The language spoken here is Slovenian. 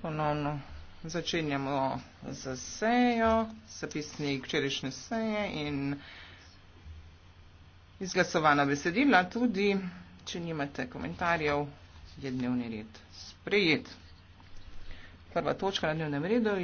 Ponovno začenjamo z sejo, zapisnik včerajšnje seje in izglasovana besedila. Tudi, če nimate komentarjev, je dnevni red sprejet. Prva točka na dnevnem redu.